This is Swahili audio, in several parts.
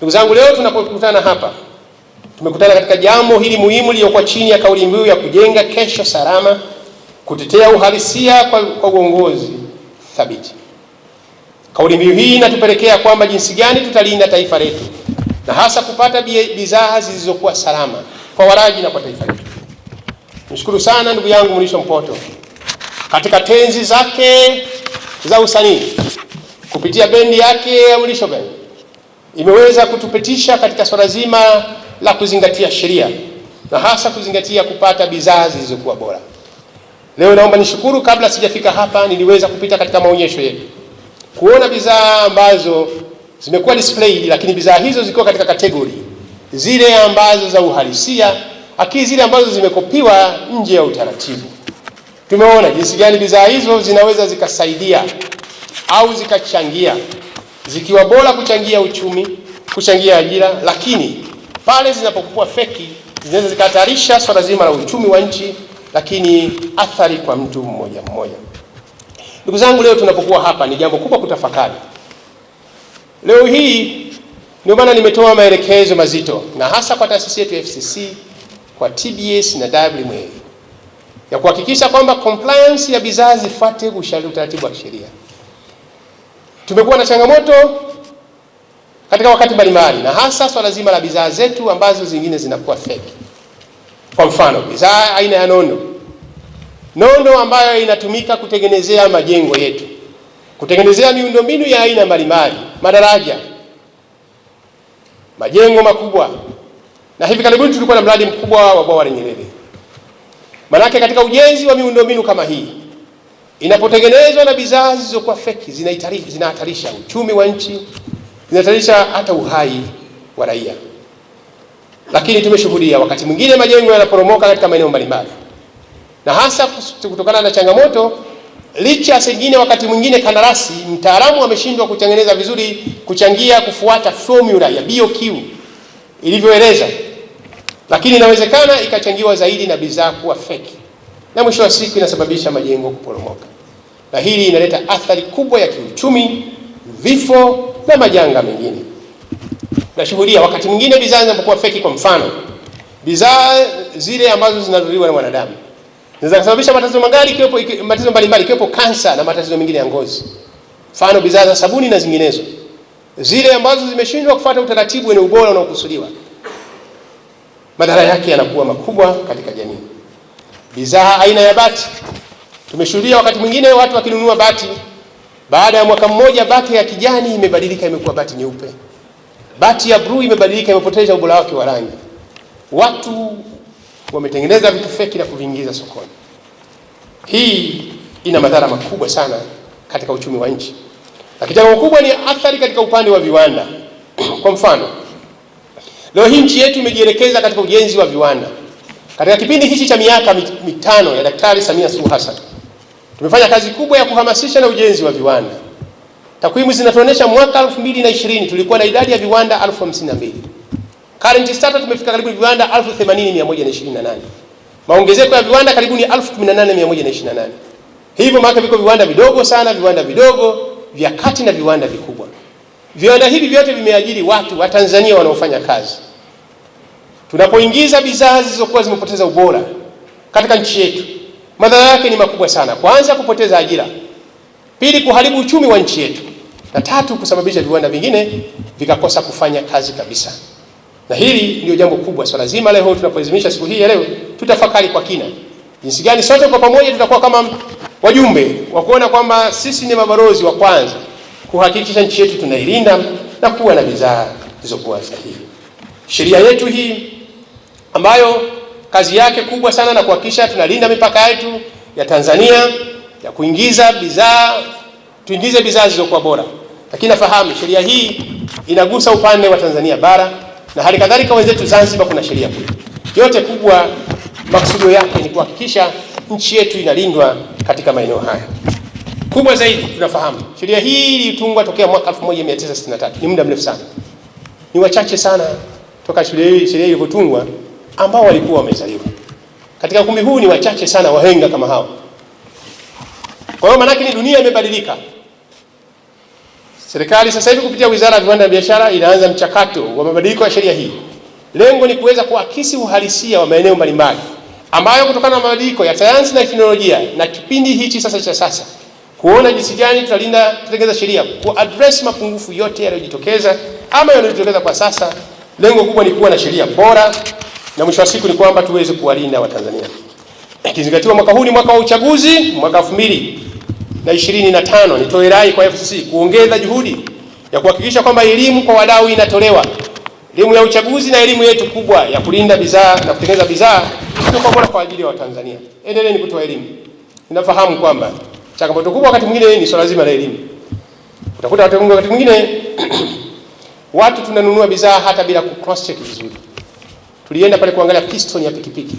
Ndugu zangu, leo tunapokutana hapa, tumekutana katika jambo hili muhimu liliyokuwa chini ya kauli mbiu ya kujenga kesho salama, kutetea uhalisia kwa, kwa uongozi thabiti. Kauli mbiu hii inatupelekea kwamba jinsi gani tutalinda taifa letu na hasa kupata bidhaa zilizokuwa salama kwa walaji na kwa taifa letu. Nishukuru sana ndugu yangu Mrisho Mpoto katika tenzi zake za usanii kupitia bendi yake ya Mrisho Bendi imeweza kutupitisha katika swala zima la kuzingatia sheria na hasa kuzingatia kupata bidhaa zilizokuwa bora. Leo naomba nishukuru, kabla sijafika hapa niliweza kupita katika maonyesho yetu kuona bidhaa ambazo zimekuwa displayed, lakini bidhaa hizo zikiwa katika kategori zile ambazo za uhalisia, lakini zile ambazo zimekopiwa nje ya utaratibu. Tumeona jinsi gani bidhaa hizo zinaweza zikasaidia au zikachangia zikiwa bora kuchangia uchumi, kuchangia ajira, lakini pale zinapokuwa feki zinaweza zikahatarisha swala zima la uchumi wa nchi, lakini athari kwa mtu mmoja mmoja. Ndugu zangu, leo tunapokuwa hapa ni jambo kubwa kutafakari. Leo hii ndio maana nimetoa maelekezo mazito na hasa kwa taasisi yetu FCC, kwa TBS na WMA ya kuhakikisha kwamba compliance ya bidhaa zifuate utaratibu wa kisheria. Tumekuwa na changamoto katika wakati mbalimbali, na hasa swala zima la bidhaa zetu ambazo zingine zinakuwa feki. Kwa mfano, bidhaa aina ya nondo, nondo ambayo inatumika kutengenezea majengo yetu, kutengenezea miundombinu ya aina mbalimbali, madaraja, majengo makubwa, na hivi karibuni tulikuwa na mradi mkubwa wa bwawa la Nyerere. Manake katika ujenzi wa miundombinu kama hii inapotengenezwa na bidhaa zilizokuwa feki zinahatarisha uchumi wa nchi, zinahatarisha hata uhai wa raia. Lakini tumeshuhudia wakati mwingine majengo yanaporomoka katika maeneo mbalimbali, na hasa kutokana na changamoto licha sengine, wakati mwingine kandarasi mtaalamu ameshindwa kutengeneza vizuri, kuchangia kufuata formula ya BOQ ilivyoeleza, lakini inawezekana ikachangiwa zaidi na bidhaa kuwa feki na mwisho wa siku inasababisha majengo kuporomoka, na hili inaleta athari kubwa ya kiuchumi, vifo na majanga mengine. Nashuhudia wakati mwingine bidhaa zinapokuwa feki. Kwa mfano, bidhaa zile ambazo zinazuliwa na mwanadamu zinaweza kusababisha matatizo magari, kiwepo matatizo mbalimbali, kiwepo kansa na matatizo mengine ya ngozi, mfano bidhaa za sabuni na zinginezo, zile ambazo zimeshindwa kufuata utaratibu wenye ubora unaokusudiwa, madhara yake yanakuwa makubwa katika jamii bidhaa aina ya bati. Tumeshuhudia wakati mwingine watu wakinunua bati, baada ya mwaka mmoja bati ya kijani imebadilika imekuwa bati nyeupe, bati ya bluu imebadilika imepoteza ubora wake wa rangi. Watu wametengeneza vitu feki na kuviingiza sokoni. Hii ina madhara makubwa sana katika uchumi wa nchi, lakini jambo kubwa ni athari katika upande wa viwanda. Kwa mfano, leo hii nchi yetu imejielekeza katika ujenzi wa viwanda. Katika kipindi hichi cha miaka mitano ya Daktari Samia Suluhu Hassan tumefanya kazi kubwa ya kuhamasisha na ujenzi wa viwanda. Takwimu zinatuonyesha mwaka 2020 tulikuwa na idadi ya viwanda 1052. Current data tumefika karibu viwanda 80128. Maongezeko ya viwanda karibu ni 18128. Hivyo maana viko viwanda vidogo sana, viwanda vidogo vya kati na viwanda vikubwa. Viwanda hivi vyote vimeajiri watu wa Tanzania wanaofanya kazi Tunapoingiza bidhaa zilizokuwa zimepoteza ubora katika nchi yetu, madhara yake ni makubwa sana. Kwanza, kupoteza ajira; pili, kuharibu uchumi wa nchi yetu; na tatu, kusababisha viwanda vingine vikakosa kufanya kazi kabisa. Na hili ndio jambo kubwa, swala so zima leo tunapoadhimisha siku hii ya leo, tutafakari kwa kina jinsi gani sote kwa pamoja tutakuwa kama wajumbe wa kuona kwamba sisi ni mabalozi wa kwanza kuhakikisha nchi yetu tunailinda na kuwa na bidhaa zilizokuwa sahihi. Sheria yetu hii ambayo kazi yake kubwa sana na kuhakikisha tunalinda mipaka yetu ya Tanzania ya kuingiza bidhaa, tuingize bidhaa zilizokuwa bora. Lakini nafahamu sheria hii inagusa upande wa Tanzania bara na hali kadhalika wenzetu Zanzibar kuna sheria kule. Yote kubwa makusudio yake ni kuhakikisha nchi yetu inalindwa katika maeneo haya. Kubwa zaidi tunafahamu sheria hii ilitungwa tokea mwaka 1963. Ni muda mrefu sana, ni wachache sana toka sheria hii ilivyotungwa ambao walikuwa wamezaliwa katika ukumbi huu. Ni wachache sana wahenga kama hao. Kwa hiyo maanake ni dunia imebadilika. Serikali sasa hivi kupitia Wizara ya Viwanda na Biashara inaanza mchakato wa mabadiliko ya sheria hii. Lengo ni kuweza kuakisi uhalisia wa maeneo mbalimbali ambayo kutokana na mabadiliko ya sayansi na teknolojia na kipindi hichi sasa cha sasa, kuona jinsi gani tutalinda, tutengeza sheria ku address mapungufu yote yaliyojitokeza ama yanayojitokeza kwa sasa. Lengo kubwa ni kuwa na sheria bora na mwisho wa siku ni kwamba tuweze kuwalinda Watanzania ikizingatiwa mwaka huu ni mwaka wa uchaguzi, mwaka elfu mbili na ishirini na tano. Nitoe rai kwa FCC kuongeza juhudi ya kuhakikisha kwamba elimu kwa wadau inatolewa, elimu ya uchaguzi na elimu yetu kubwa ya kulinda bidhaa na kutengeneza bidhaa sio kwa bora kwa ajili ya Watanzania. Endeleeni kutoa elimu. Ninafahamu kwamba changamoto kubwa wakati mwingine ni swala zima la elimu. Utakuta wakati mwingine watu tunanunua bidhaa hata bila ku cross check vizuri tulienda pale kuangalia piston ya pikipiki.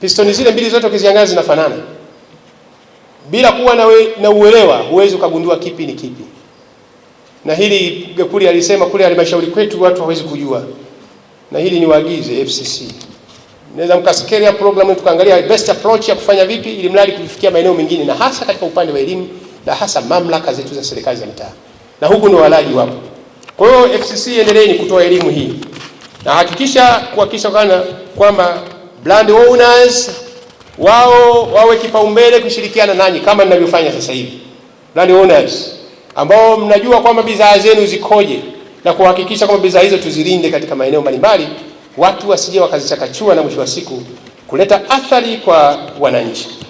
Piston zile mbili zote ukiziangalia zinafanana, bila kuwa na, we, na uelewa huwezi ukagundua kipi ni kipi. Na hili Gekuli alisema kule halmashauri kwetu watu hawezi kujua, na hili ni waagize FCC, naweza mkasikiria programu tukaangalia best approach ya kufanya vipi, ili mradi kufikia maeneo mengine, na hasa katika upande wa elimu na hasa mamlaka zetu za serikali za mitaa, na huku ndo walaji wapo. Kwa hiyo FCC, endeleeni kutoa elimu hii na hakikisha kuhakikisha kwamba brand owners wao wawe kipaumbele kushirikiana nanyi kama ninavyofanya sasa hivi, brand owners ambao mnajua kwamba bidhaa zenu zikoje na kuhakikisha kwamba bidhaa hizo tuzilinde katika maeneo mbalimbali, watu wasije wakazichakachua na mwisho wa siku kuleta athari kwa wananchi.